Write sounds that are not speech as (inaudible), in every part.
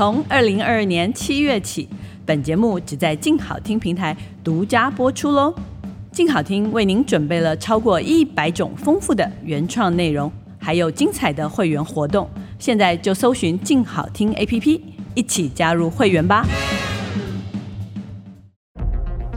從二零二二年七月起，本節目只在鏡好聽平台獨家播出嘍。鏡好聽為您準備了超過一百種豐富的原創內容，還有精彩的會員活動。現在就搜尋鏡好聽 APP，一起加入會員吧。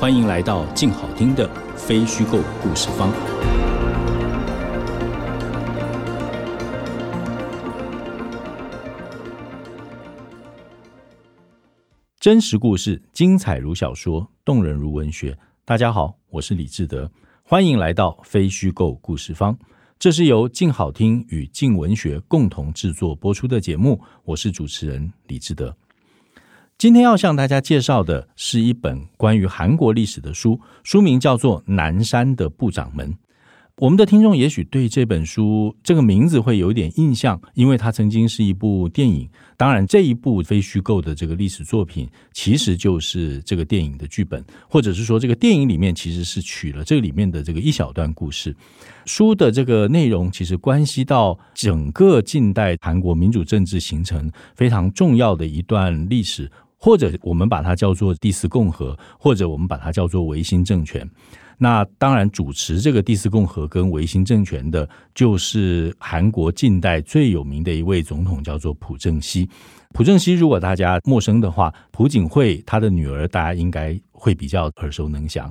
歡迎來到鏡好聽的非虛構故事坊。真實故事，精彩如小說，動人如文學。大家好，我是李志德，歡迎來到非虛構故事坊。這是由鏡好聽與鏡文學共同制作播出的節目，我是主持人李志德。今天要向大家介紹的是一本關於韓國歷史的書，書名叫做《南山的部長們》。我們的聽眾也許對這本書這個名字會有一點印象，因為它曾經是一部電影。當然，這一部非虛構的這個歷史作品，其實就是這個電影的劇本，或者是說這個電影裡面其實是取了這裡面的這個一小段故事。書的這個內容其實關係到整個近代韓國民主政治形成非常重要的一段歷史。或者我們把它叫做第四共和，或者我們把它叫做維新政權。那當然主持這個第四共和跟維新政權的，就是韓國近代最有名的一位總統，叫做朴正熙。朴正熙如果大家陌生的話，朴槿惠她的女兒大家應該會比較耳熟能詳。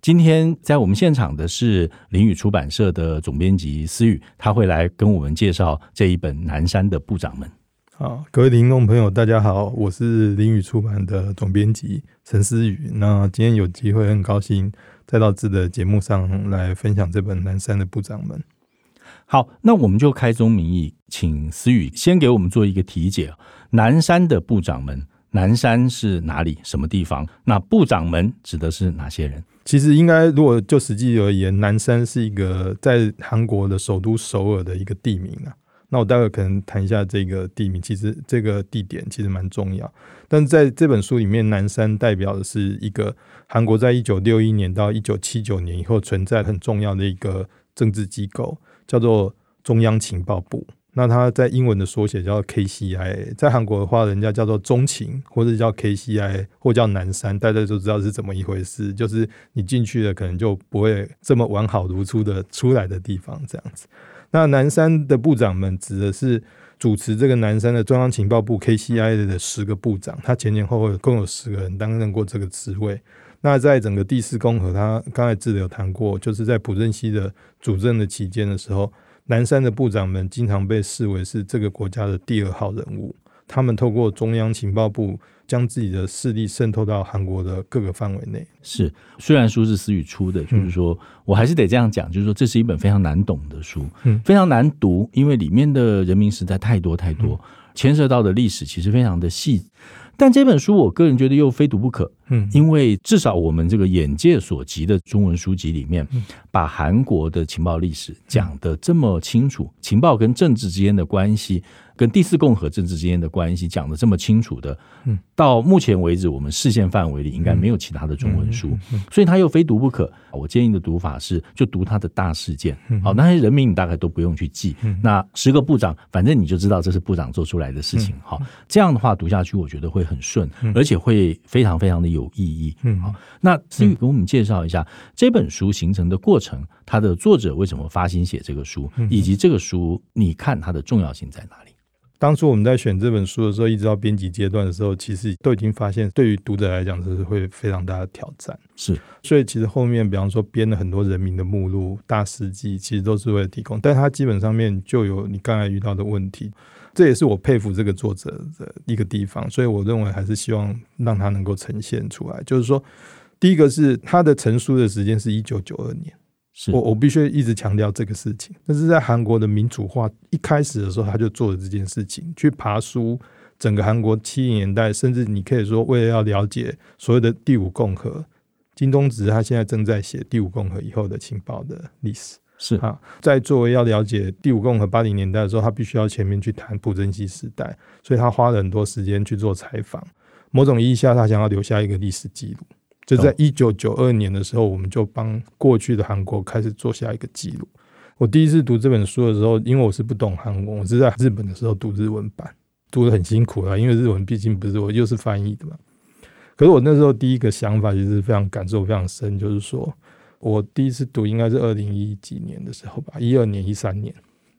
今天在我們現場的是林語出版社的總編輯思雨，他會來跟我們介紹這一本《南山的部長們》。好，各位聽眾朋友，大家好，我是林語出版的總編輯陳思宇。那今天有機會，很高興再到志德的節目上來分享這本《南山的部長們》。好，那我們就開宗明義，請思宇先給我們做一個題解，《南山的部長們》。南山是哪裡？什麼地方？那部長們指的是哪些人？其實，應該如果就實際而言，南山是一個在韓國的首都首爾的一個地名啊。那我待會可能談一下這個地名，其實這個地點其實蠻重要。但是在這本書裡面，南山代表的是一個韓國在一九六一年到一九七九年以後存在很重要的一個政治機構，叫做中央情報部。那它在英文的縮寫叫 KCIA，在韓國的話，人家叫做中情，或者叫 KCIA，或者叫南山，大家都知道是怎麼一回事。就是你進去了，可能就不會這麼完好如初的出來的地方，這樣子。那南山的部長們指的是主持這個南山的中央情報部 KCIA 的十個部長，他前前後後共有十個人擔任過這個職位。那在整個第四共和，他剛才記者有談過，就是在朴正熙的主政的期間的時候，南山的部長們經常被視為是這個國家的第二號人物。他們透過中央情報部。將自己的勢力滲透到韓國的各個範圍內。是，雖然書是思語出的，嗯、就是說我還是得這樣講，就是說這是一本非常難懂的書，嗯、非常難讀，因為裡面的人名實在太多太多，牽、嗯、涉到的歷史其實非常的細，但這本書我個人覺得又非讀不可。嗯，因為至少我們這個眼界所及的中文書籍裡面，把韓國的情報歷史講得這麼清楚，情報跟政治之間的關係，跟第四共和政治之間的關係講得這麼清楚的，嗯，到目前為止我們視線範圍裡應該沒有其他的中文書，所以他又非讀不可。我建議的讀法是就讀他的大事件，好，那些人名你大概都不用去記，那十個部長反正你就知道這是部長做出來的事情，好，這樣的話讀下去我覺得會很順，而且會非常非常的有。有意義，嗯，好。那思雨給我們介紹一下這本書形成的過程，它的作者為什麼發心寫這個書，以及這個書你看它的重要性在哪裡？當初我們在選這本書的時候，一直到編輯階段的時候，其實都已經發現，對於讀者來講，這是會非常大的挑戰。是，所以其實後面，比方說編了很多人名的目錄、大事記，其實都是為了提供，但它基本上面就有你剛才遇到的問題。這也是我佩服這個作者的一個地方，所以我認為還是希望讓他能夠呈現出來。就是說，第一個是他的成書的時間是一九九二年，我的我必須一直強調這個事情。但是在韓國的民主化一開始的時候，他就做了這件事情，去爬梳整個韓國七十年代，甚至你可以說為了要了解所謂的第五共和，金東植他現在正在寫第五共和以後的情報的歷史。是啊，在作為要了解第五共和八零年代的時候，他必須要前面去談朴正熙時代，所以他花了很多時間去做採訪。某種意義下他想要留下一個歷史記錄。就在一九九二年的時候，我們就幫過去的韓國開始做下一個記錄。我第一次讀這本書的時候，因為我是不懂韓文，我是在日本的時候讀日文版，讀得很辛苦了啊，因為日文畢竟不是我，又是翻譯的嘛。可是我那時候第一個想法其實非常感受非常深，就是說。我第一次讀應該是二零一幾年的時候吧，一二年、一三年，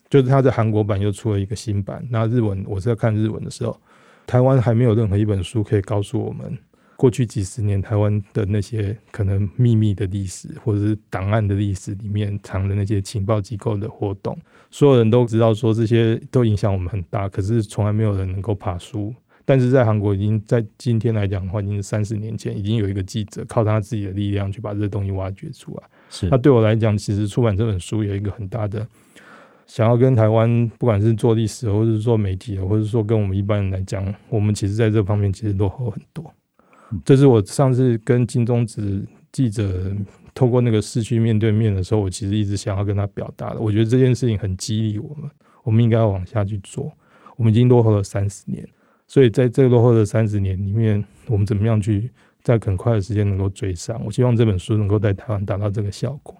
就是它在韓國版又出了一個新版。那日文我是在看日文的時候，台灣還沒有任何一本書可以告訴我們過去幾十年台灣的那些可能秘密的歷史，或者是檔案的歷史裡面藏的那些情報機構的活動。所有人都知道說這些都影響我們很大，可是從來沒有人能夠爬梳，但是在韓國已經在今天來講的話，已經是三十年前，已經有一個記者靠他自己的力量去把這東西挖掘出來。是，那對我來講，其實出版這本書有一個很大的，想要跟台灣不管是做歷史，或者是做媒體，或者是說跟我們一般人來講，我們其實在這方面其實落後很多。這是我上次跟金忠植記者透過那個市區面對面的時候，我其實一直想要跟他表達的。我覺得這件事情很激勵我們，我們應該要往下去做。我們已經落後了三十年。所以，在這個落後的三十年裡面，我們怎麼樣去在更快的時間能夠追上？我希望這本書能夠在台灣達到這個效果。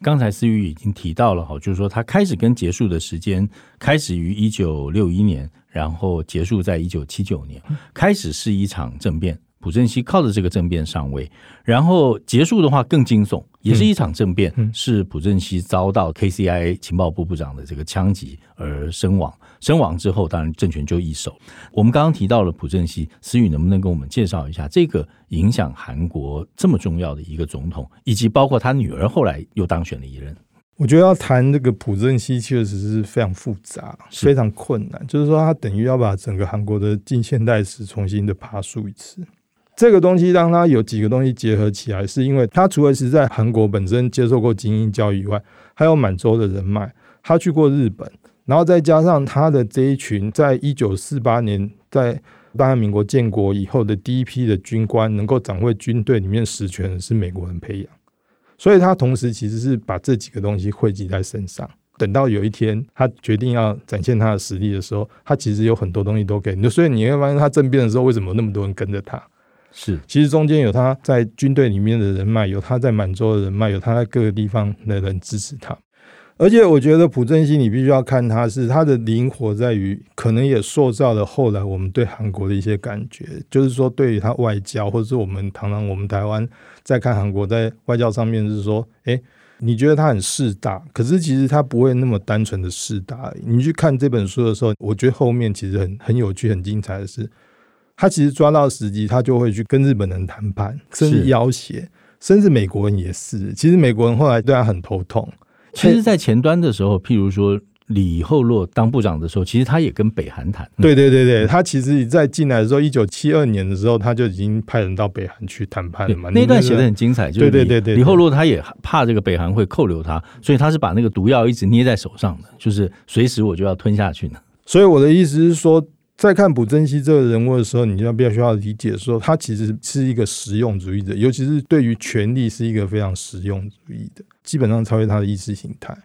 剛才思雨已經提到了，哈，就是說，它開始跟結束的時間，開始於一九六一年，然後結束在一九七九年。開始是一場政變，朴正熙靠着這個政變上位；然後結束的話更驚悚，也是一場政變，是朴正熙遭到 KCI 情報部部長的這個槍擊而身亡。身亡之後，當然政權就易手。我們剛剛提到了朴正熙，思雨能不能跟我們介紹一下這個影響韓國這麼重要的一個總統，以及包括他女兒後來又當選了一任？我覺得要談這個朴正熙確實是非常複雜、非常困難，就是說他等於要把整個韓國的近現代史重新的爬梳一次。這個東西讓他有幾個東西結合起來，是因為他除了是在韓國本身接受過精英教育以外，還有滿洲的人脈，他去過日本。然後再加上他的這一群，在一九四八年，在大韓民國建國以後的第一批的軍官，能夠掌握軍隊裡面實權的是美國人培養，所以他同時其實是把這幾個東西匯集在身上。等到有一天他決定要展現他的實力的時候，他其實有很多東西都給你。所以你會發現他政變的時候，為什麼那麼多人跟着他？是，其實中間有他在軍隊裡面的人脈，有他在滿洲的人脈，有他在各個地方的人支持他。而且我覺得朴正熙，你必須要看他是他的靈活在於，可能也塑造了後來我們對韓國的一些感覺，就是說對於他外交，或者是我們常常我們台灣在看韓國在外交上面是說，哎，你覺得他很勢大，可是其實他不會那麼單純的勢大。你去看這本書的時候，我覺得後面其實很很有趣，很精彩的是，他其實抓到時機，他就會去跟日本人談判，甚至要挾，甚至美國人也是。其實美國人後來對他很頭痛。其實，在前端的時候，譬如說李厚洛當部長的時候，其實他也跟北韓談。對對對對，他其實，在進來的時候，一九七二年的時候，他就已經派人到北韓去談判了。對，那段寫的很精彩，就對對對對,對，李厚洛他也怕這個北韓會扣留他，所以他是把那個毒藥一直捏在手上的，就是隨時我就要吞下去呢。所以我的意思是說。在看朴正熙這個人物的時候，你就要必須要理解說，他其實是一個實用主義者，尤其是對於權力是一個非常實用主義的，基本上超越他的意識形態。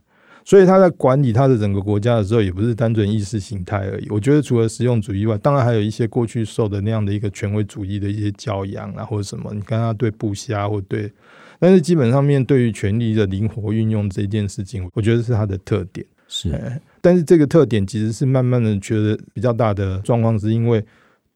所以他在管理他的整個國家的時候，也不是單純意識形態而已。我覺得除了實用主義外，當然還有一些過去受的那樣的一個權威主義的一些教養啊，或者什麼。你看他對部下或對，但是基本上面對於權力的靈活運用這件事情，我覺得是他的特點。是。但是這個特點其實是慢慢的，覺得比較大的狀況，是因為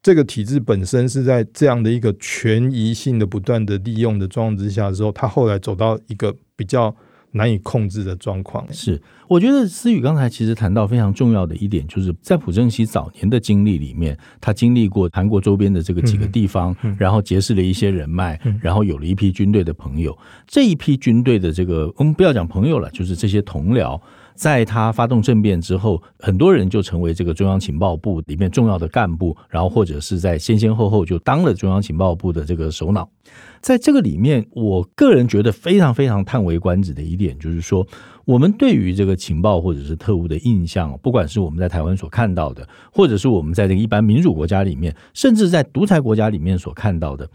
這個體制本身是在這樣的一個權宜性的不斷的利用的狀況之下，之後他後來走到一個比較難以控制的狀況。是，我覺得思雨剛才其實談到非常重要的一點，就是在朴正熙早年的經歷裡面，他經歷過韓國周邊的這個幾個地方，嗯嗯、然後結識了一些人脈，嗯、然後有了一批軍隊的朋友。這一批軍隊的這個，我們、嗯、不要講朋友了，就是這些同僚。在他發動政變之後，很多人就成為這個中央情報部裡面重要的幹部，然後或者是在先先後後就當了中央情報部的這個首腦。在這個裡面，我個人覺得非常非常嘆為觀止的一點，就是說，我們對於這個情報或者是特務的印象，不管是我們在台灣所看到的，或者是我們在這個一般民主國家裡面，甚至在獨裁國家裡面所看到的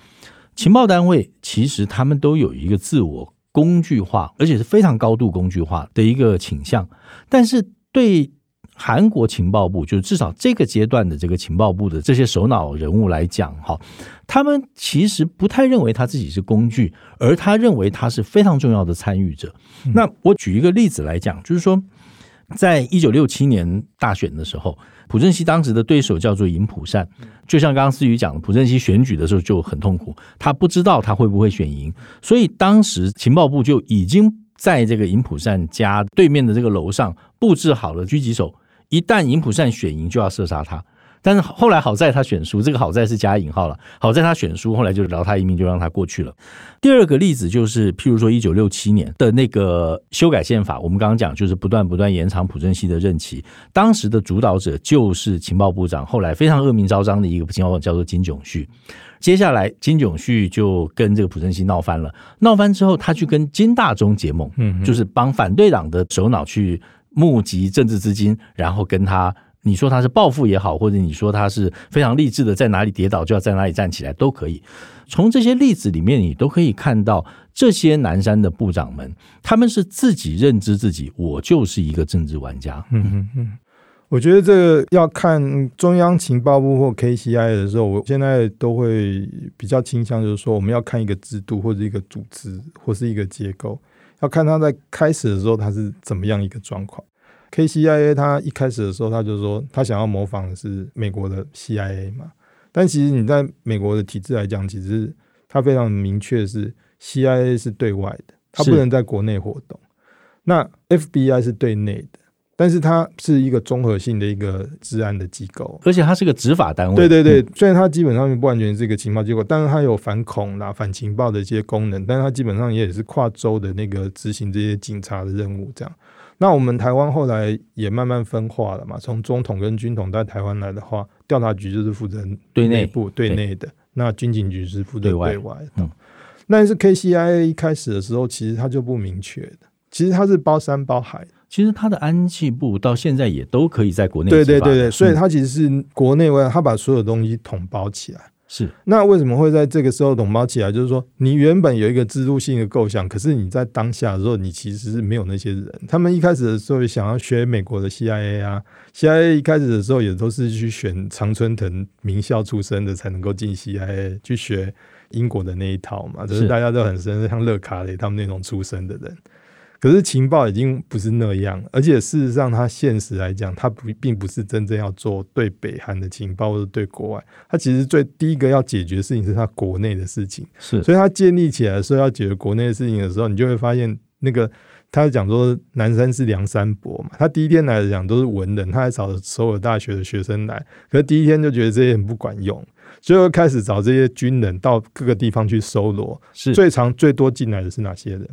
情報單位，其實他們都有一個自我。工具化，而且是非常高度工具化的一個傾向。但是對韓國情報部，就是至少這個階段的這個情報部的這些首腦人物來講，哈，他們其實不太認為他自己是工具，而他認為他是非常重要的參與者。嗯、那我舉一個例子來講，就是說。在一九六七年大選的時候，朴正熙當時的對手叫做尹潽善，就像剛剛思雨講的，朴正熙選舉的時候就很痛苦，他不知道他會不會選贏，所以當時情報部就已經在這個尹潽善家對面的這個樓上布置好了狙擊手，一旦尹潽善選贏就要射殺他。但是後來好在他選書，這個好在是加引號了。好在他選書，後來就饒他一命，就讓他過去了。第二個例子就是，譬如說一九六七年的那個修改憲法，我們剛剛講就是不斷不斷延長朴正熙的任期。當時的主導者就是情報部長，後來非常惡名昭彰的一個情報部長叫做金炯旭。接下來，金炯旭就跟這個朴正熙鬧翻了。鬧翻之後，他去跟金大中結盟，嗯哼，就是幫反對黨的首腦去募集政治資金，然後跟他。你說他是報復，也好，或者你說他是非常勵志的，在哪裡跌倒就要在哪裡站起來，都可以。從這些例子裡面，你都可以看到這些南山的部長們，他們是自己認知自己，我就是一個政治玩家。嗯嗯嗯，我覺得這個要看中央情報部或 KCI 的時候，我現在都會比較傾向，就是說我們要看一個制度或者一個組織或是一個結構，要看他在開始的時候他是怎麼樣一個狀況。K C I A，他一開始的時候，他就說他想要模仿的是美國的 C I A 嘛。但其實你在美國的體制來講，其實他非常明確是 C I A 是對外的，他不能在國內活動。那 F B I 是對內的，但是它是一個綜合性的一個治安的機構，而且它是個執法單位。對對對，雖然它基本上不完全是一個情報機構，但是它有反恐啦、反情報的一些功能，但是它基本上也是跨州的那個執行這些警察的任務這樣。那我們台灣後來也慢慢分化了嘛？從中統跟軍統到台灣來的話，調查局就是負責對內部、對內，對內的；對那軍情局是負責對外對外。的、嗯。那是 KCIA 一開始的時候，其實它就不明確的。其實它是包山包海。其實它的安企部到現在也都可以在國內。對對對對，所以它其實是國內外，嗯、它把所有東西統包起來。是，那為什麼會在這個時候統包起來？就是說，你原本有一個制度性的構想，可是你在當下的時候，你其實是沒有那些人。他們一開始的時候想要學美國的 CIA 啊，CIA 一開始的時候也都是去選常春藤名校出身的才能夠進 CIA 去學英國的那一套嘛，就是大家都很深，像勒卡雷他們那種出身的人。可是情報已經不是那樣，而且事實上，他現實來講，他不並不是真正要做對北韓的情報，或者對國外，他其實最第一個要解決的事情是他國內的事情。是，所以他建立起來說要解決國內的事情的時候，你就會發現那個他講說南山是梁山泊嘛，他第一天來講都是文人，他還找所有大學的學生來，可是第一天就覺得這些很不管用，所以開始找這些軍人到各個地方去搜羅是。是最常最多進來的是哪些人？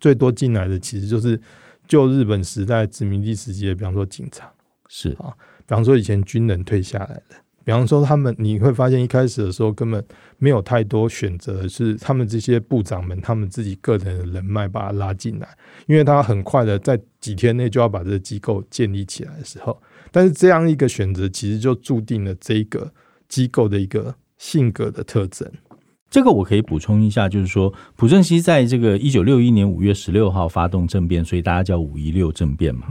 最多進來的其實就是，就日本時代殖民地時期的，比方說警察，是啊，比方說以前軍人退下來了，比方說他們你會發現一開始的時候根本沒有太多選擇，是他們這些部長們他們自己個人的人脈把他拉進來，因為他很快的在幾天內就要把這個機構建立起來的時候，但是這樣一個選擇其實就注定了這個機構的一個性格的特徵。這個我可以補充一下，就是說朴正熙在這個一九六一年五月十六號發動政變，所以大家叫五一六政變嘛，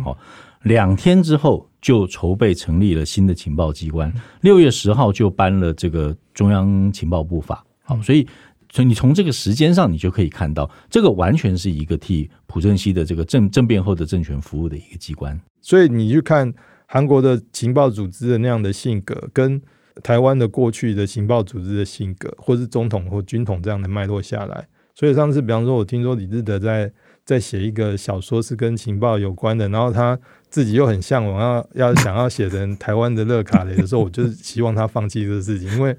兩天之後就籌備成立了新的情報機關，六月十號就頒了這個中央情報部法。好，所以以你從這個時間上，你就可以看到，這個完全是一個替朴正熙的這個政政變後的政權服務的一個機關，所以你去看韓國的情報組織的那樣的性格跟。台灣的過去的情報組織的性格，或是中統或軍統這樣的脈絡下來，所以上次比方說我聽說李志德在在寫一個小說是跟情報有關的，然後他自己又很嚮往要要想要寫成台灣的勒卡雷的時候，我就是希望他放棄這個事情，因為。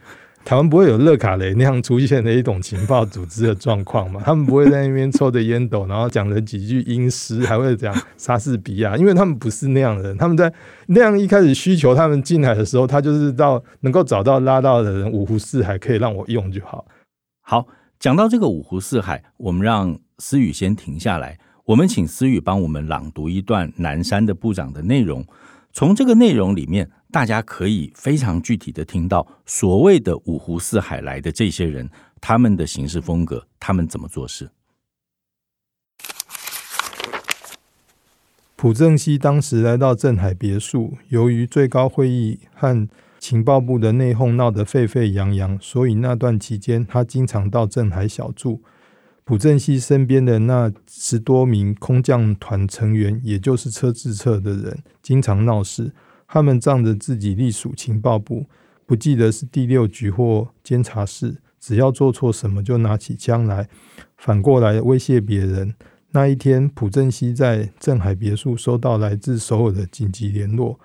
台灣不會有勒卡雷那樣出現的一種情報組織的狀況嘛？他們不會在那邊抽着煙斗，然後講了幾句英詩，還會講莎士比亞，因為他們不是那樣的人，他們在那樣一開始需求他們進來的時候，他就是到能夠找到拉到的人，五湖四海可以讓我用就好。好，講到這個五湖四海，我們讓思雨先停下來，我們請思雨幫我們朗讀一段南山的部長的內容，從這個內容裡面，大家可以非常具體的聽到所謂的五湖四海來的這些人，他們的行事風格，他們怎麼做事。朴正熙當時來到鎮海別墅，由於最高會議和情報部的內訌鬧得沸沸揚揚，所以那段期間他經常到鎮海小住。朴正熙身邊的那十多名空降團成員，也就是車智澈的人，經常鬧事。他們仗着自己隸屬情報部，不記得是第六局或監察室，只要做錯什麼就拿起槍來，反過來威脅別人。那一天，朴正熙在鎮海別墅收到來自首爾的緊急聯絡，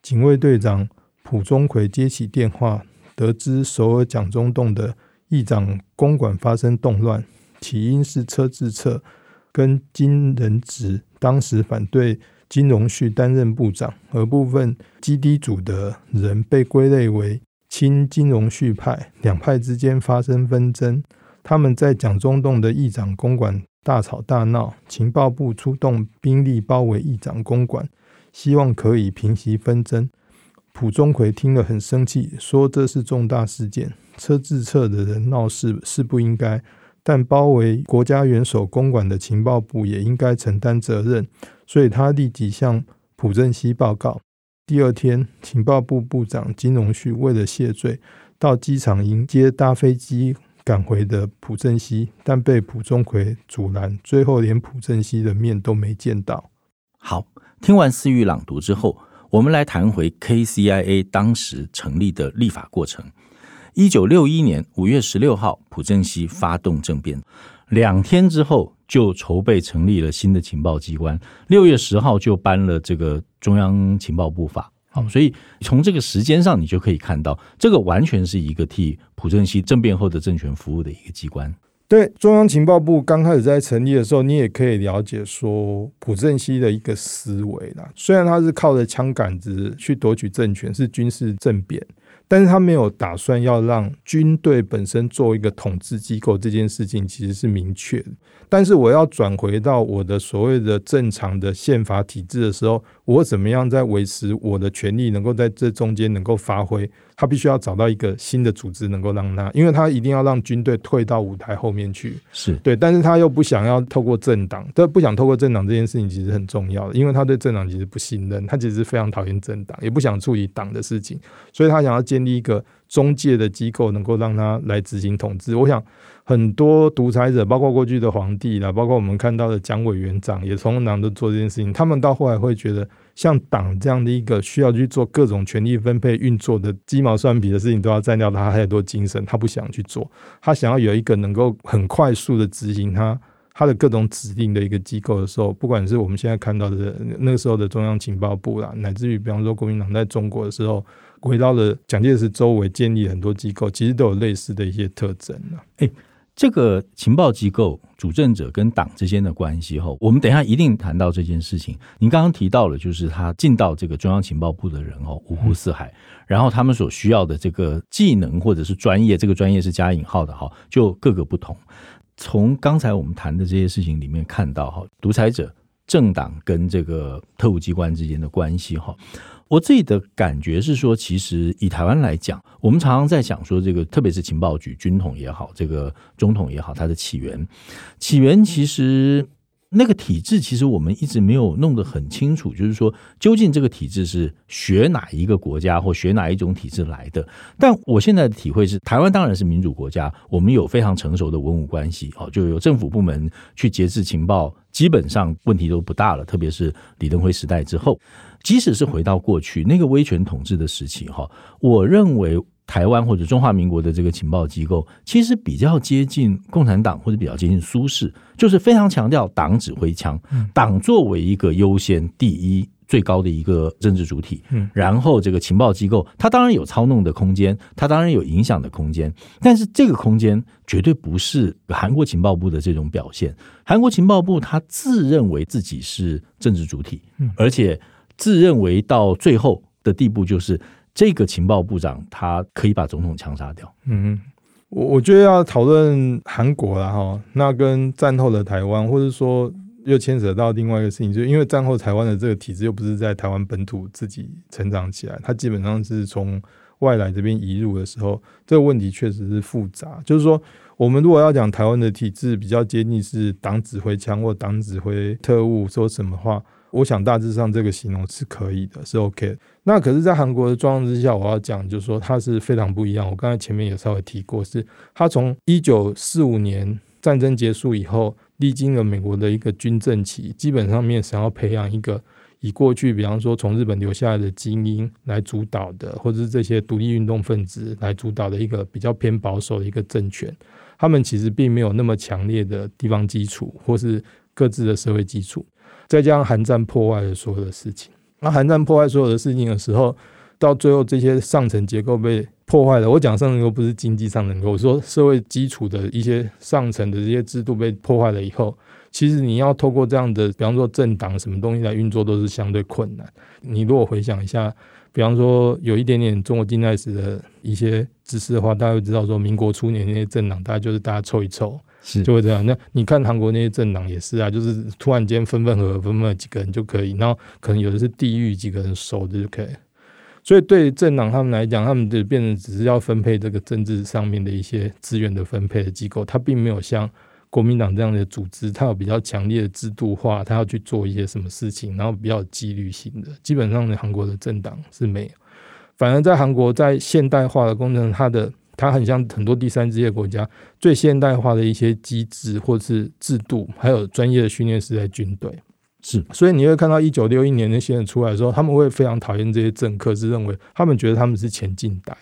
警衛隊長朴鐘奎接起電話，得知首爾蔣中洞的議長公館發生動亂，起因是車智澈跟金仁植當時反對。金融旭擔任部長，而部分基地組的人被歸類為親金融旭派，兩派之間發生紛爭。他們在蔣中洞的議長公館大吵大鬧，情報部出動兵力包圍議長公館，希望可以平息紛爭。朴鍾奎聽了很生氣，說這是重大事件，車智澈的人鬧事是不應該。但包圍國家元首公館的情報部也應該承擔責任，所以他立即向朴正熙報告。第二天，情報部部長金容旭為了謝罪，到機場迎接搭飛機趕回的朴正熙，但被朴鍾圭阻攔，最後連朴正熙的面都沒見到。好，聽完思域朗讀之後，我們來談回 K C I A 當時成立的立法過程。一九六一年五月十六號，朴正熙發動政變，兩天之後就籌備成立了新的情報機關。六月十號就頒了這個中央情報部法。好，所以從這個時間上，你就可以看到，這個完全是一個替朴正熙政變後的政權服務的一個機關。對，中央情報部剛開始在成立的時候，你也可以了解說朴正熙的一個思維啦。雖然他是靠着槍桿子去奪取政權，是軍事政變。但是他沒有打算要讓軍隊本身做一個統治機構，這件事情其實是明確的。但是我要轉回到我的所謂的正常的憲法體制的時候，我怎麼樣在維持我的權力，能夠在這中間能夠發揮？他必須要找到一個新的組織，能夠讓他，因為他一定要讓軍隊退到舞台後面去，是對，但是他又不想要透過政黨，他不想透過政黨這件事情其實很重要的，因為他對政黨其實不信任，他其實非常討厭政黨，也不想處理黨的事情，所以他想要建立一個。中介的機構能夠讓他來執行統治，我想很多獨裁者，包括過去的皇帝啦，包括我們看到的蔣委員長，也從來都做這件事情。他們到後來會覺得，像黨這樣的一個需要去做各種權力分配運作的雞毛蒜皮的事情，都要占掉他太多精神，他不想去做。他想要有一個能夠很快速的執行他他的各種指令的一個機構的時候，不管是我們現在看到的那個時候的中央情報部啦，乃至於比方說國民黨在中國的時候。回到了蔣介石周圍建立很多機構，其實都有類似的一些特徵呢、啊欸。這個情報機構主政者跟黨之間的關係，哈，我們等一下一定談到這件事情。您剛剛提到了，就是他進到這個中央情報部的人，哈，五湖四海，嗯、然後他們所需要的這個技能或者是專業，這個專業是加引號的，哈，就各個不同。從剛才我們談的這些事情裡面看到，哈，獨裁者政黨跟這個特務機關之間的關係，哈。我自己的感覺是說，其實以台灣來講，我們常常在講說這個，特別是情報局、軍統也好，這個中統也好，它的起源、起源其實那個體制，其實我們一直沒有弄得很清楚，就是說究竟這個體制是學哪一個國家或學哪一種體制來的。但我現在的體會是，台灣當然是民主國家，我們有非常成熟的文武關係，哦，就有政府部門去節制情報，基本上問題都不大了。特別是李登輝時代之後。即使是回到過去那個威權統治的時期，哈，我認為台灣或者中華民國的這個情報機構，其實比較接近共產黨或者比較接近蘇式，就是非常強調黨指揮槍，黨作為一個優先第一最高的一個政治主體，然後這個情報機構，它當然有操弄的空間，它當然有影響的空間，但是這個空間絕對不是韓國情報部的這種表現。韓國情報部，他自認為自己是政治主體，而且。自認為到最後的地步，就是這個情報部長他可以把總統槍殺掉。嗯，我我覺得要討論韓國了哈，那跟戰後的台灣，或者說又牽扯到另外一個事情，就因為戰後台灣的這個體制又不是在台灣本土自己成長起來，它基本上是從外來這邊移入的時候，這個問題確實是複雜。就是說，我們如果要講台灣的體制比較接近是黨指揮槍或黨指揮特務說什麼話。我想大致上這個形容是可以的，是 OK。那可是，在韓國的狀況之下，我要講就是說，它是非常不一樣。我剛才前面也稍微提過，是它從一九四五年戰爭結束以後，歷經了美國的一個軍政期，基本上面想要培養一個以過去，比方說從日本留下來的精英來主導的，或者是這些獨立運動分子來主導的一個比較偏保守的一個政權。他們其實並沒有那麼強烈的地方基礎，或是各自的社會基礎。再加上韓戰破壞了所有的事情，那韓戰破壞所有的事情的時候，到最後這些上層結構被破壞了。我講上層結構不是經濟上層，我說社會基礎的一些上層的這些制度被破壞了以後，其實你要透過這樣的，比方說政黨什麼東西來運作都是相對困難。你如果回想一下，比方說有一點點中國近代史的一些知識的話，大家會知道說，民國初年那些政黨，大家就是大家湊一湊。是就會這樣。那你看韓國那些政黨也是啊，就是突然間分分合合，分分合幾個人就可以，然後可能有的是地域幾個人熟的就可以。所以對於政黨他們來講，他們就變成只是要分配這個政治上面的一些資源的分配的機構，它並沒有像國民黨這樣的組織，它有比較強烈的制度化，它要去做一些什麼事情，然後比較紀律性的。基本上韓國的政黨是沒有。反而在韓國在現代化的工程，它的它很像很多第三世界國家最現代化的一些機制或是制度，還有專業的訓練是在軍隊。是，所以你會看到一九六一年那些人出來的時候，他們會非常討厭這些政客，是認為他們覺得他們是前近代，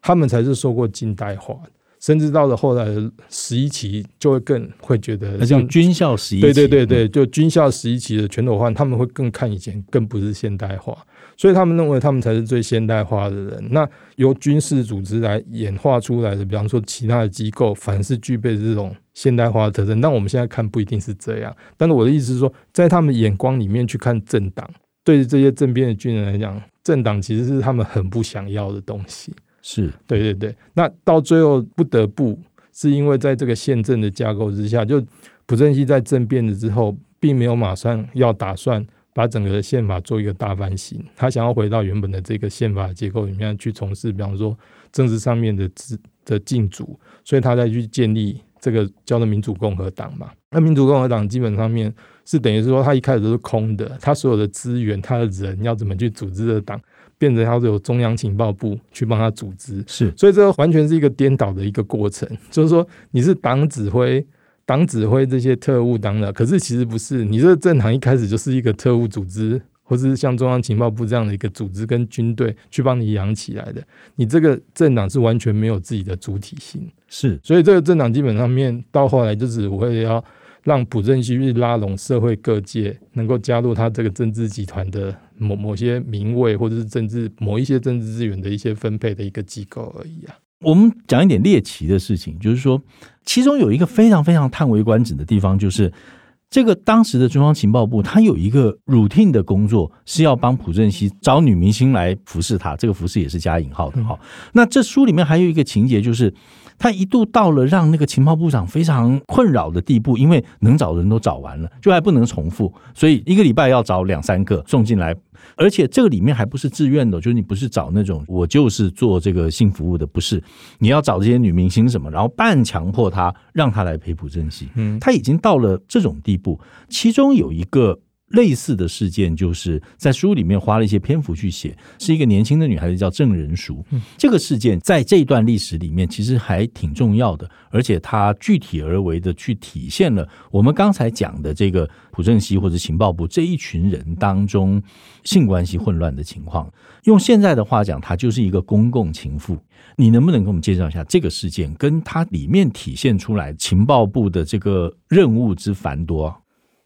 他們才是受過近代化。甚至到了後來十一期，就會更會覺得，而且軍校十一期，對對對對,對，就軍校十一期的全斗煥，他們會更看以前更不是現代化。所以他們認為他們才是最現代化的人。那由軍事組織來演化出來的，比方說其他的機構，凡是具備這種現代化的特徵，那我們現在看不一定是這樣。但是我的意思是說，在他們眼光裡面去看政黨，對於這些政變的軍人來講，政黨其實是他們很不想要的東西。是，對對對。那到最後不得不，是因為在這個憲政的架構之下，就朴正熙在政變了之後，並沒有馬上要打算。把整個的憲法做一個大翻新，他想要回到原本的這個憲法結構裡面去從事，比方說政治上面的制的禁阻，所以他才去建立這個叫做民主共和黨嘛。那民主共和黨基本上面是等於是說，他一開始都是空的，他所有的資源、他的人要怎麼去組織這個黨，變成他是由中央情報部去幫他組織，是，所以這個完全是一個顛倒的一個過程，就是說你是黨指揮。黨指揮這些特務黨的，可是其實不是，你這個政黨一開始就是一個特務組織，或者是像中央情報部這樣的一個組織跟軍隊去幫你養起來的。你這個政黨是完全沒有自己的主體性，是，所以這個政黨基本上面到後來就是，我會要讓朴正熙去拉攏社會各界，能夠加入他這個政治集團的某某些名位或者是政治某一些政治資源的一些分配的一個機構而已啊。我們講一點獵奇的事情，就是說，其中有一個非常非常嘆為觀止的地方，就是這個當時的中央情報部，它有一個 routine 的工作，是要幫朴正熙找女明星來服侍他。這個服侍也是加引號的哈。那這書裡面還有一個情節就是。他一度到了讓那個情報部長非常困擾的地步，因為能找的人都找完了，就還不能重複，所以一個禮拜要找兩三個送進來，而且這個裡面還不是自願的，就是你不是找那種我就是做這個性服務的，不是你要找這些女明星什麼，然後半強迫他讓他來陪朴正熙，他已經到了這種地步，其中有一個。類似的事件就是在書裡面花了一些篇幅去寫，是一個年輕的女孩子叫鄭仁淑。這個事件在這段歷史裡面其實還挺重要的，而且它具體而為的去體現了我們剛才講的這個朴正熙或者情報部這一群人當中性關係混亂的情況。用現在的話講，它就是一個公共情婦。你能不能給我們介紹一下這個事件，跟它裡面體現出來情報部的這個任務之繁多？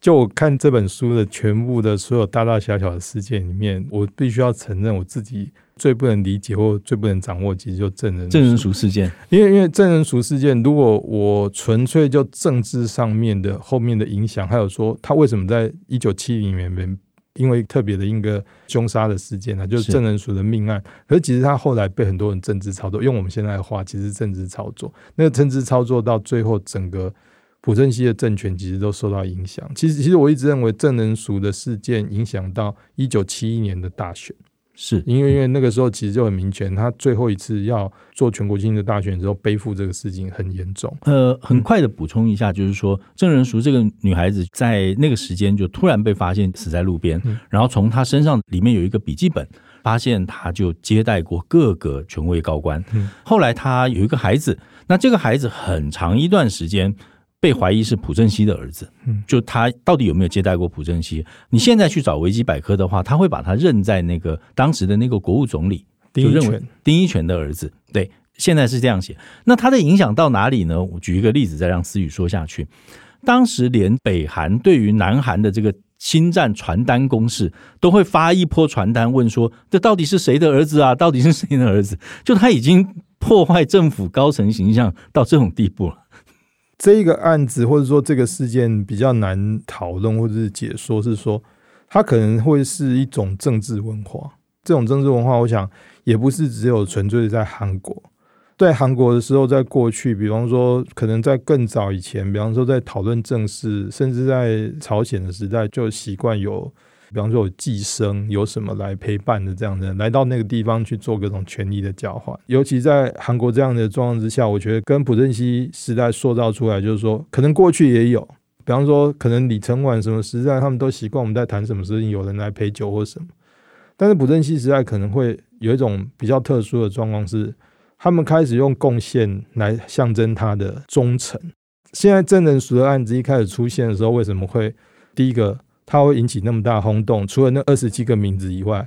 就我看這本書的全部的所有大大小小的事件裡面，我必須要承認我自己最不能理解或最不能掌握，其實就鄭仁、鄭仁淑事件。因為因為鄭仁淑事件，如果我純粹就政治上面的後面的影響，還有說他為什麼在一九七零年因為特別的一個兇殺的事件呢、啊？就是鄭仁淑的命案。而其實他後來被很多人政治操作，用我們現在的話，其實是政治操作。那個政治操作到最後整個。朴正熙的政權其實都受到影響。其實，其實我一直認為鄭仁淑的事件影響到一九七一年的大選，是，因、嗯、為因為那個時候其實就很明顯，他最後一次要做全國性的大選之後，背負這個事情很嚴重。呃，很快的補充一下，就是說鄭仁淑這個女孩子在那個時間就突然被發現死在路邊，嗯、然後從她身上裡面有一個筆記本，發現她就接待過各個權威高官。嗯、後來她有一個孩子，那這個孩子很長一段時間。被懷疑是朴正熙的兒子，嗯、就他到底有沒有接待過朴正熙？你現在去找維基百科的話，他會把他認在那個當時的那個國務總理，就認為丁一權的兒子。對，現在是這樣寫。那他的影響到哪裡呢？我舉一個例子，再讓思雨說下去。當時連北韓對於南韓的這個心戰傳單攻勢，都會發一波傳單，問說這到底是誰的兒子啊？到底是誰的兒子？就他已經破壞政府高層形象到這種地步了。這個案子或者說這個事件比較難討論或者是解說是說，它可能會是一種政治文化。這種政治文化，我想也不是只有純粹在韓國。在韓國的時候，在過去，比方說可能在更早以前，比方說在討論政事，甚至在朝鮮的時代，就習慣有。比方說有寄生有什麼來陪伴的這樣的人來到那個地方去做各種權力的交換，尤其在韓國這樣的狀況之下，我覺得跟朴正熙時代塑造出來就是說，可能過去也有，比方說可能李承晚什麼時代他們都習慣，我們在談什麼事情有人來陪酒或什麼，但是朴正熙時代可能會有一種比較特殊的狀況是，他們開始用貢獻來象徵他的忠誠。現在鄭仁淑的案子一開始出現的時候，為什麼會第一個？他會引起那麼大轟動，除了那二十七個名字以外，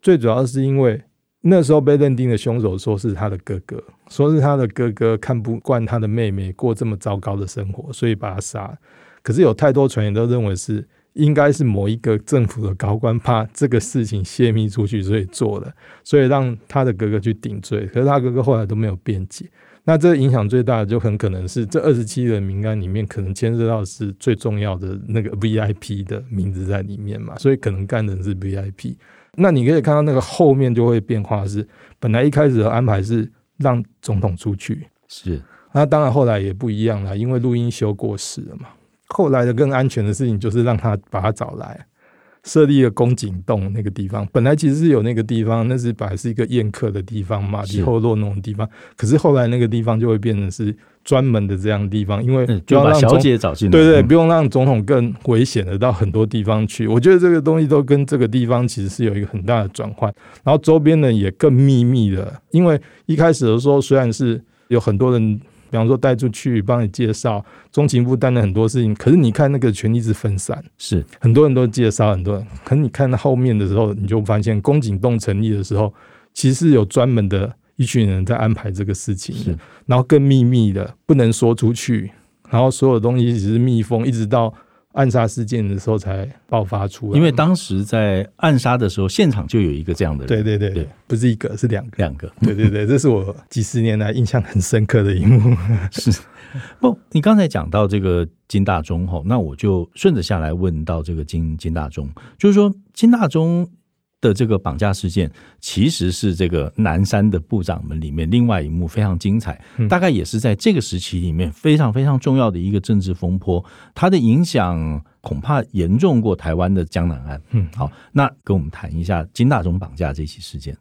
最主要是因為那時候被認定的兇手說是他的哥哥，說是他的哥哥看不慣他的妹妹過這麼糟糕的生活，所以把他殺了。可是有太多傳言都認為是應該是某一個政府的高官怕這個事情泄密出去，所以做的，所以讓他的哥哥去頂罪。可是他哥哥後來都沒有辯解。那這個影響最大的就很可能是這二十七人名單裡面可能牽涉到的是最重要的那個 VIP 的名字在裡面嘛，所以可能幹的是 VIP。那你可以看到那個後面就會變化，是本來一開始的安排是讓總統出去是，是那當然後來也不一樣了，因為錄音修過時了嘛，後來的更安全的事情就是讓他把他找來。設立了宮井洞那個地方，本來其實是有那個地方，那是本來是一個宴客的地方嘛，李厚洛那種地方。是可是後來那個地方就會變成是專門的這樣的地方，因為就要讓、嗯、就把小姐找進來，對，對對，嗯、不用讓總統更危險的到很多地方去。我覺得這個東西都跟這個地方其實是有一個很大的轉換，然後周邊呢也更秘密的，因為一開始的時候雖然是有很多人。比方說帶出去幫你介紹，中情部擔了很多事情。可是你看那個權力是分散，是很多人都介紹很多人。可是你看到後面的時候，你就發現宮井洞成立的時候，其實是有專門的一群人在安排這個事情，是。然後更秘密的，不能說出去，然後所有的東西只是密封，一直到。暗殺事件的時候才爆發出來，因為當時在暗殺的時候，嗯、現場就有一個這樣的人。對對對，對不是一個，是兩個，兩兩個。對對對， (laughs) 這是我幾十年來印象很深刻的一幕 (laughs) 是。是不？你剛才講到這個金大中，哈，那我就順着下來問到這個金金大中，就是說金大中。的這個綁架事件，其實是這個南山的部長們裡面另外一幕非常精彩，大概也是在這個時期裡面非常非常重要的一個政治風波，它的影響恐怕嚴重過台灣的江南案。嗯，好，那跟我們談一下金大中綁架這起事件。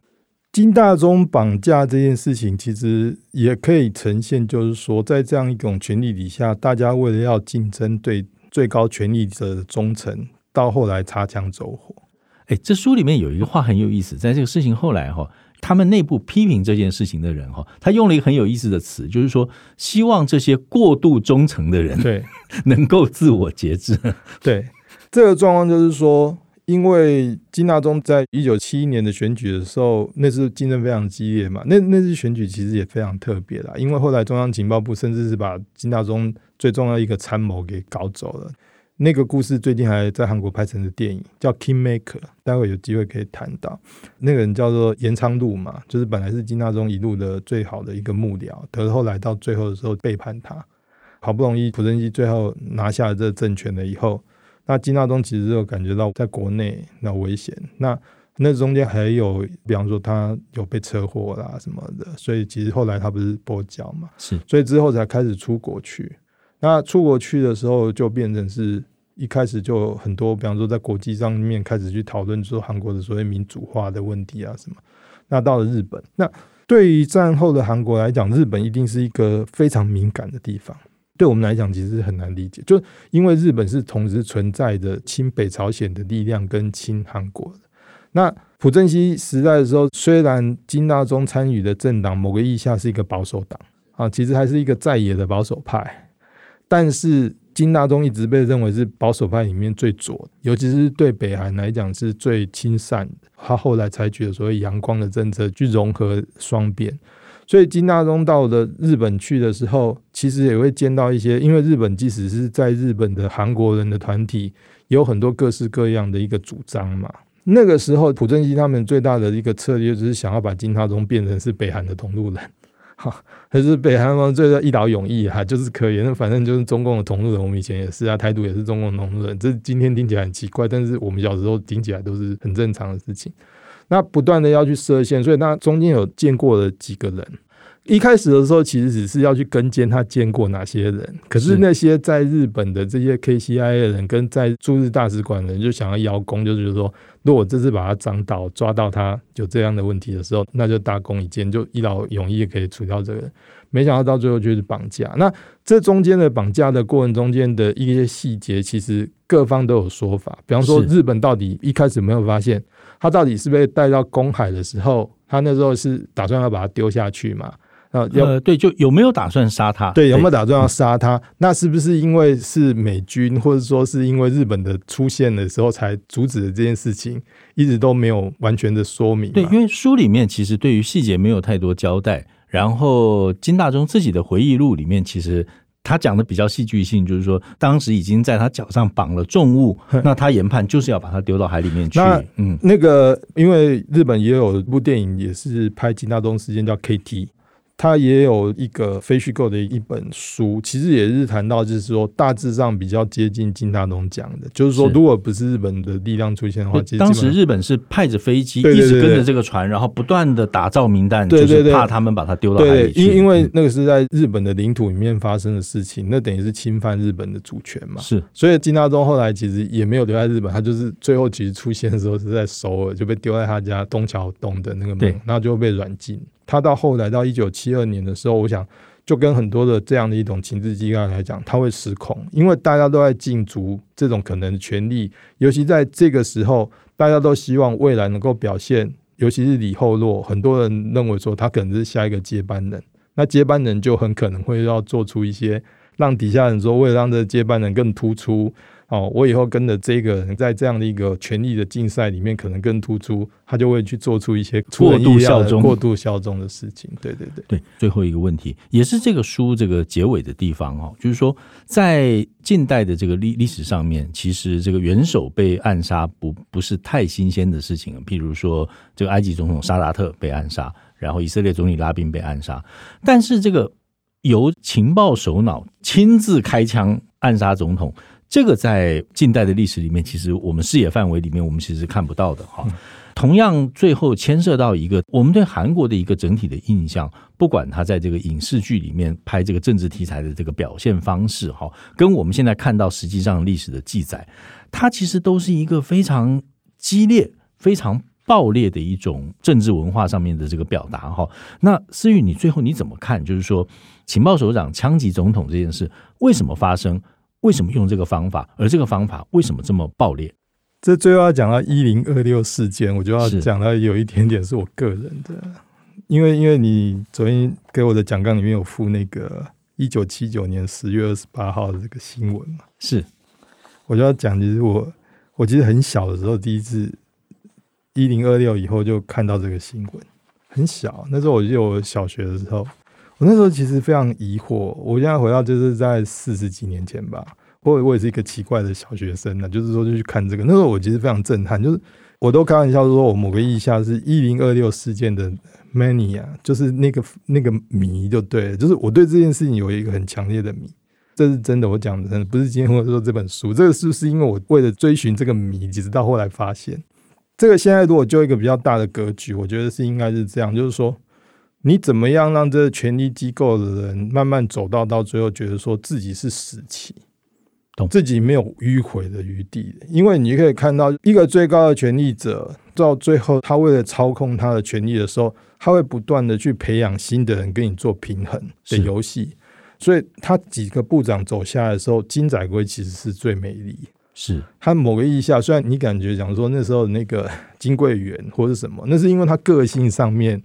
金大中綁架這件事情，其實也可以呈現，就是說在這樣一種權力底下，大家為了要競爭對最高權力者的忠誠，到後來擦槍走火。哎，這書裡面有一個話很有意思，在這個事情後來哈、哦，他們內部批評這件事情的人哈、哦，他用了一個很有意思的詞，就是說希望這些過度忠誠的人對能夠自我節制。對這個狀況，就是說，因為金大中在一九七一年的選舉的時候，那次競爭非常激烈嘛，那那次選舉其實也非常特別的，因為後來中央情報部甚至是把金大中最重要一個參謀給搞走了。那個故事最近還在韓國拍成的電影叫《Kingmaker》待會有機會可以談到。那個人叫做延昌路嘛，就是本來是金大中一路的最好的一個幕僚，可是後來到最後的時候背叛他。好不容易朴正熙最後拿下了這個政權了以後，那金大中其實就感覺到在國內那危險。那那中間還有，比方說他有被車禍啦什麼的，所以其實後來他不是跛腳嘛，是所以之後才開始出國去。那出國去的時候，就變成是一開始就很多，比方說在國際上面開始去討論說韓國的所謂民主化的問題啊什麼。那到了日本，那對於戰後的韓國來講，日本一定是一個非常敏感的地方。對我們來講，其實是很難理解，就因為日本是同時存在著親北朝鮮的力量跟親韓國的。那朴正熙時代的時候，雖然金大中參與的政黨某個意義下是一個保守黨啊，其實還是一個在野的保守派。但是金大中一直被認為是保守派裡面最左，尤其是對北韓來講是最親善的。他後來採取了所謂“陽光”的政策，去融合雙邊。所以金大中到了日本去的時候，其實也會見到一些，因為日本即使是在日本的韓國人的團體，有很多各式各樣的一個主張嘛。那個時候朴正熙他們最大的一個策略，就是想要把金大中變成是北韓的同路人。哈，還、就是北韓方最一勞永逸哈、啊，就是可以。那反正就是中共的同路人，我們以前也是啊，台獨也是中共的同路人。這今天聽起來很奇怪，但是我們小時候聽起來都是很正常的事情。那不斷的要去設限，所以那中間有見過的幾個人。一開始的時候，其實只是要去跟監他見過哪些人。可是那些在日本的這些 KCIA 的人跟在駐日大使館的人，就想要邀功，就是說，如果這次把他抓到，抓到他有這樣的問題的時候，那就大功一件，就一勞永逸可以除掉這個人。沒想到到最後就是綁架。那這中間的綁架的過程中間的一些細節，其實各方都有說法。比方說，日本到底一開始沒有發現他到底是被帶到公海的時候，他那時候是打算要把他丟下去嘛？啊、呃，對，就有沒有打算殺他？對，對有沒有打算要殺他？嗯、那是不是因為是美軍，或者說是因為日本的出現的時候才阻止了這件事情？一直都沒有完全的說明。對，因為書裡面其實對於細節沒有太多交代。然後金大中自己的回憶錄裡面，其實他講的比較戲劇性，就是說當時已經在他腳上綁了重物，呵呵那他研判就是要把他丟到海裡面去。那，嗯，那個因為日本也有部電影，也是拍金大中事件叫《KT》。他也有一個非虛構的一本書，其實也是談到，就是說大致上比較接近金大中講的，就是說如果不是日本的力量出現的話，是其實當時日本是派着飛機一直跟着這個船，然後不斷的打照明彈，對對對就是怕他們把它丟到海裡去。因因為那個是在日本的領土裡面發生的事情，嗯、那等於是侵犯日本的主權嘛。是，所以金大中後來其實也沒有留在日本，他就是最後其實出現的時候是在首爾，就被丟在他家東橋洞的那個門，那對就被軟禁。他到後來到一九七二年的時候，我想就跟很多的這樣的一種情治機構來講，他會失控，因為大家都在競逐這種可能的權力，尤其在這個時候，大家都希望未來能夠表現，尤其是李厚洛，很多人認為說他可能是下一個接班人，那接班人就很可能會要做出一些讓底下人說，為了讓這個接班人更突出。哦，我以後跟着這個人，在這樣的一個權力的競賽裡面，可能更突出，他就會去做出一些過度效忠、過度效忠的事情。對對對對，最後一個問題，也是這個書這個結尾的地方哦，就是說，在近代的這個歷歷史上面，其實這個元首被暗殺不不是太新鮮的事情。譬如說，這個埃及總統薩達特被暗殺，然後以色列總理拉賓被暗殺，但是這個由情報首腦親自開槍暗殺總統。這個在近代的歷史裡面，其實我們視野範圍裡面，我們其實是看不到的哈。同樣，最後牽涉到一個我們對韓國的一個整體的印象，不管他在這個影視劇裡面拍這個政治題材的這個表現方式哈，跟我們現在看到實際上歷史的記載，它其實都是一個非常激烈、非常暴烈的一種政治文化上面的這個表達哈。那思雨，你最後你怎麼看？就是說，情報首長槍擊總統這件事，為什麼發生？為什麼用這個方法？而這個方法為什麼這麼爆裂？這最後要講到一零二六事件，我就要講到有一點點是我個人的，是因為因為你昨天給我的講綱裡面有附那個一九七九年十月二十八號的這個新聞嘛，是，我就要講其實，其實我我其實很小的時候第一次一零二六以後就看到這個新聞，很小，那時候我記得我小學的時候。我那時候其實非常疑惑，我現在回到就是在四十幾年前吧，我我也是一個奇怪的小學生呢啊，就是說就去看這個。那時候我其實非常震撼，就是我都開玩笑說，我某個意義下是一零二六事件的 mania 啊，就是那個那個迷，就對了。就是我對這件事情有一個很強烈的迷，這是真的，我講的真的。我講的不是今天或者說這本書，這個是不是因為我為了追尋這個迷，其實到後來發現，這個現在如果就一個比較大的格局，我覺得是應該是這樣，就是說。你怎麼樣讓這個權力機構的人慢慢走到到最後，覺得說自己是死棋，懂自己沒有迂回的餘地？因為你就可以看到，一個最高的權力者到最後，他為了操控他的權力的時候，他會不斷的去培養新的人跟你做平衡的遊戲。是所以，他幾個部長走下來的時候，金載圭其實是最美麗。是他某個意義下，雖然你感覺講說那時候的那個金桂元或者什麼，那是因為他個性上面。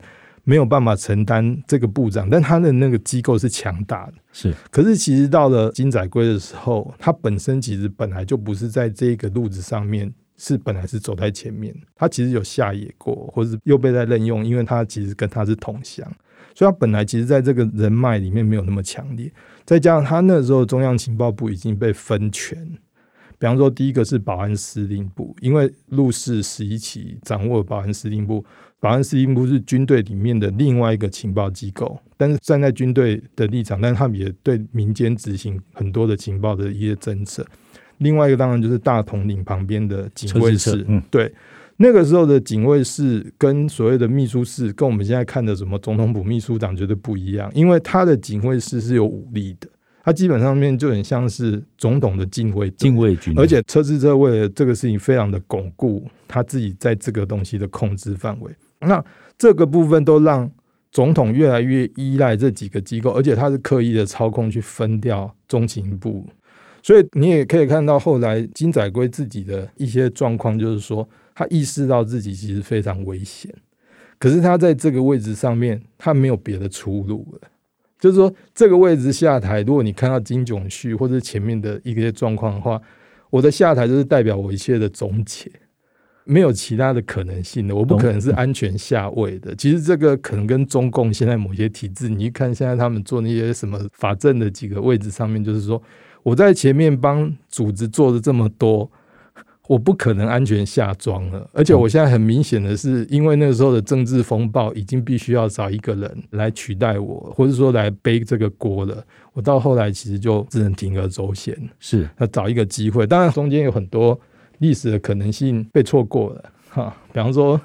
沒有辦法承擔這個部長，但他的那個機構是強大的。是，可是其實到了金載圭的時候，他本身其實本來就不是在這個路子上面，是本來是走在前面。他其實有下野過，或是又被再任用，因為他其實跟他是同鄉，所以他本來其實在這個人脈裡面沒有那麼強烈。再加上他那時候中央情報部已經被分權，比方說第一個是保安司令部，因為陸士十一期掌握保安司令部。保安司令部是軍隊裡面的另外一個情報機構，但是站在軍隊的立場，但是他們也對民間執行很多的情報的一些政策。另外一個當然就是大統領旁邊的警衛室，車智澈嗯、對，那個時候的警衛室跟所謂的秘書室，跟我們現在看的什麼總統府秘書長絕對不一樣，因為他的警衛室是有武力的，他基本上面就很像是總統的禁衛軍。而且車智澈為了這個事情，非常的鞏固他自己在這個東西的控制範圍。那這個部分都讓總統越來越依賴這幾個機構，而且他是刻意的操控去分掉中情部，所以你也可以看到後來金載圭自己的一些狀況，就是說他意識到自己其實非常危險，可是他在這個位置上面，他沒有別的出路了，就是說這個位置下台，如果你看到金炯旭或者前面的一些狀況的話，我的下台就是代表我一切的終結，沒有其他的可能性的，我不可能是安全下位的。嗯、其實這個可能跟中共現在某些體制，你一看現在他們做那些什麼法政的幾個位置上面，就是說我在前面幫組織做的這麼多，我不可能安全下莊了。而且我現在很明顯的是，因為那時候的政治風暴已經必須要找一個人來取代我，或者說來背這個鍋了。我到後來其實就只能鋌而走險，是要找一個機會。當然中間有很多。歷史的可能性被錯過了哈，比方說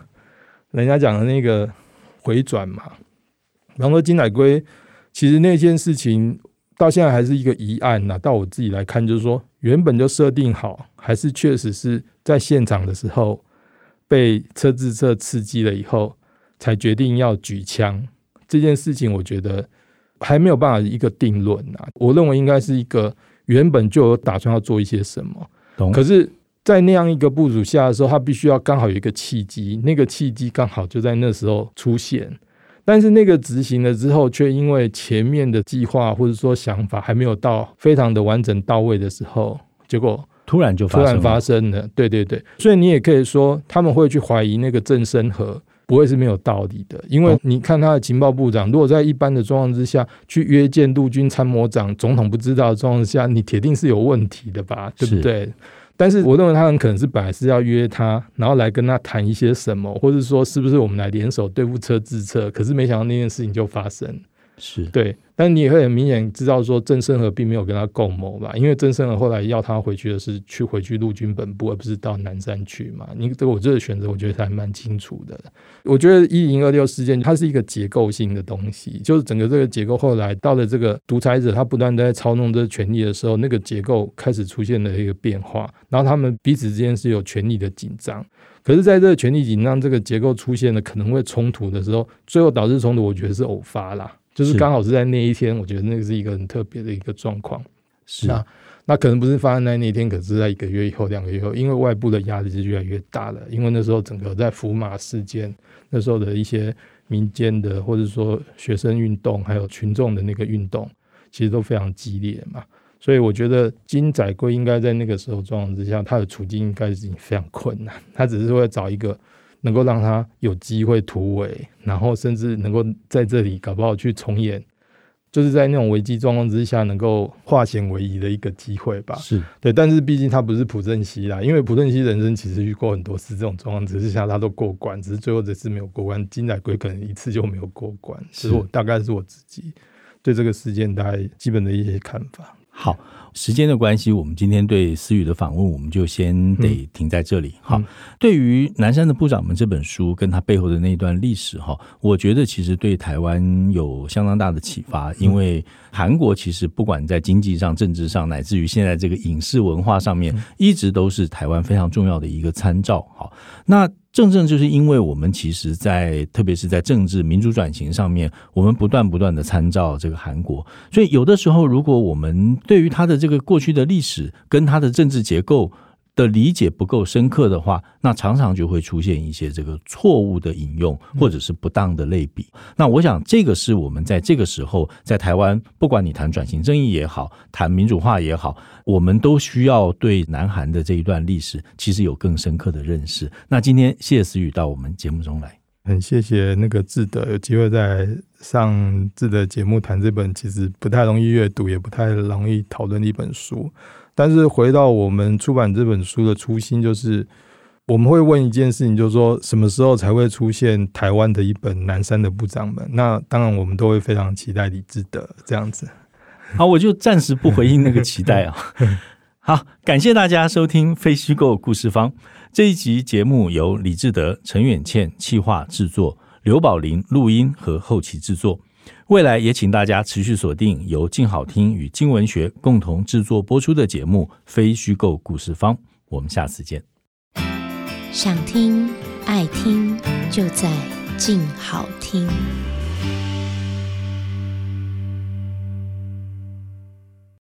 人家講的那個迴轉嘛，比方說金載圭，其實那件事情到現在還是一個疑案吶、啊。到我自己來看，就是說原本就設定好，還是確實是在現場的時候被車智澈刺激了以後才決定要舉槍這件事情，我覺得還沒有辦法一個定論吶、啊。我認為應該是一個原本就有打算要做一些什麼，懂可是。在那樣一個部署下的時候，他必須要剛好有一個契機，那個契機剛好就在那時候出現。但是那個執行了之後，卻因為前面的計劃或者說想法還沒有到非常的完整到位的時候，結果突然就突然發生了。對對對，所以你也可以說他們會去懷疑那個鄭昇和不會是沒有道理的，因為你看他的情報部長，如果在一般的狀況之下去約見陸軍參謀長，總統不知道的狀況之下，你鐵定是有問題的吧？對不對？但是我認為他很可能是本來是要約他，然後來跟他談一些什麼，或者說是不是我們來聯手對付車智澈，可是沒想到那件事情就發生。是對，但你也會很明顯知道說，鄭昇和並沒有跟他共謀吧？因為鄭昇和後來要他回去的是去回去陸軍本部，而不是到南山去嘛。你這個我這個選擇，我覺得還蠻清楚的。我覺得一零二六事件，它是一個結構性的東西，就是整個這個結構後來到了這個獨裁者他不斷的在操弄這個權力的時候，那個結構開始出現了一個變化。然後他們彼此之間是有權力的緊張，可是在這個權力緊張這個結構出現了可能會衝突的時候，最後導致衝突，我覺得是偶發啦。就是剛好是在那一天，是我覺得那個是一個很特別的一個狀況。是啊，那可能不是發生在那一天，可是在一個月以後、兩個月以後，因為外部的壓力是越來越大的。因為那時候整個在釜馬事件，那時候的一些民間的或者說學生運動，還有群眾的那個運動，其實都非常激烈嘛。所以我覺得金載圭應該在那個時候狀況之下，他的處境應該是已經非常困難。他只是說要找一個。能夠讓他有機會突圍，然後甚至能夠在這裡搞不好去重演，就是在那種危機狀況之下能夠化險為夷的一個機會吧。是對，但是畢竟他不是朴正熙啦，因為朴正熙人生其實遇過很多次這種狀況，只是下他都過關，只是最後這次沒有過關。金載圭可能一次就沒有過關。其實是我大概是我自己對這個事件大概基本的一些看法。好。時間的關係，我們今天對思雨的訪問，我們就先得停在這裡。嗯，好，對於《南山的部長們》這本書，跟他背後的那一段歷史，哈，我覺得其實對台灣有相當大的啟發。因為韓國其實不管在經濟上、政治上，乃至於現在這個影視文化上面，嗯，一直都是台灣非常重要的一個參照。好，那。正正就是因為我們其實在，特別是在政治民主轉型上面，我們不斷不斷的參照這個韓國，所以有的時候，如果我們對於他的這個過去的歷史跟他的政治結構，的理解不夠深刻的話，那常常就會出現一些這個錯誤的引用，或者是不當的類比。那我想，這個是我們在這個時候在台灣，不管你談轉型正義也好，談民主化也好，我們都需要對南韓的這一段歷史其實有更深刻的認識。那今天謝謝思雨到我們節目中來，很謝謝那個志德有機會在上志德節目談這本其實不太容易閱讀也不太容易討論的一本書。但是回到我們出版這本書的初心，就是我們會問一件事情，就是說什麼時候才會出現台灣的一本南山的部長們？那當然我們都會非常期待李志德這樣子。好，我就暫時不回應那個期待啊。 (laughs) 好，感謝大家收聽非虛構故事坊。這一集節目由李志德、陳遠倩企劃制作，劉寶林錄音和後期制作。未來也請大家持續鎖定由鏡好聽與鏡文學共同制作播出的節目《非虛構故事坊》，我們下次見。想聽愛聽就在鏡好聽。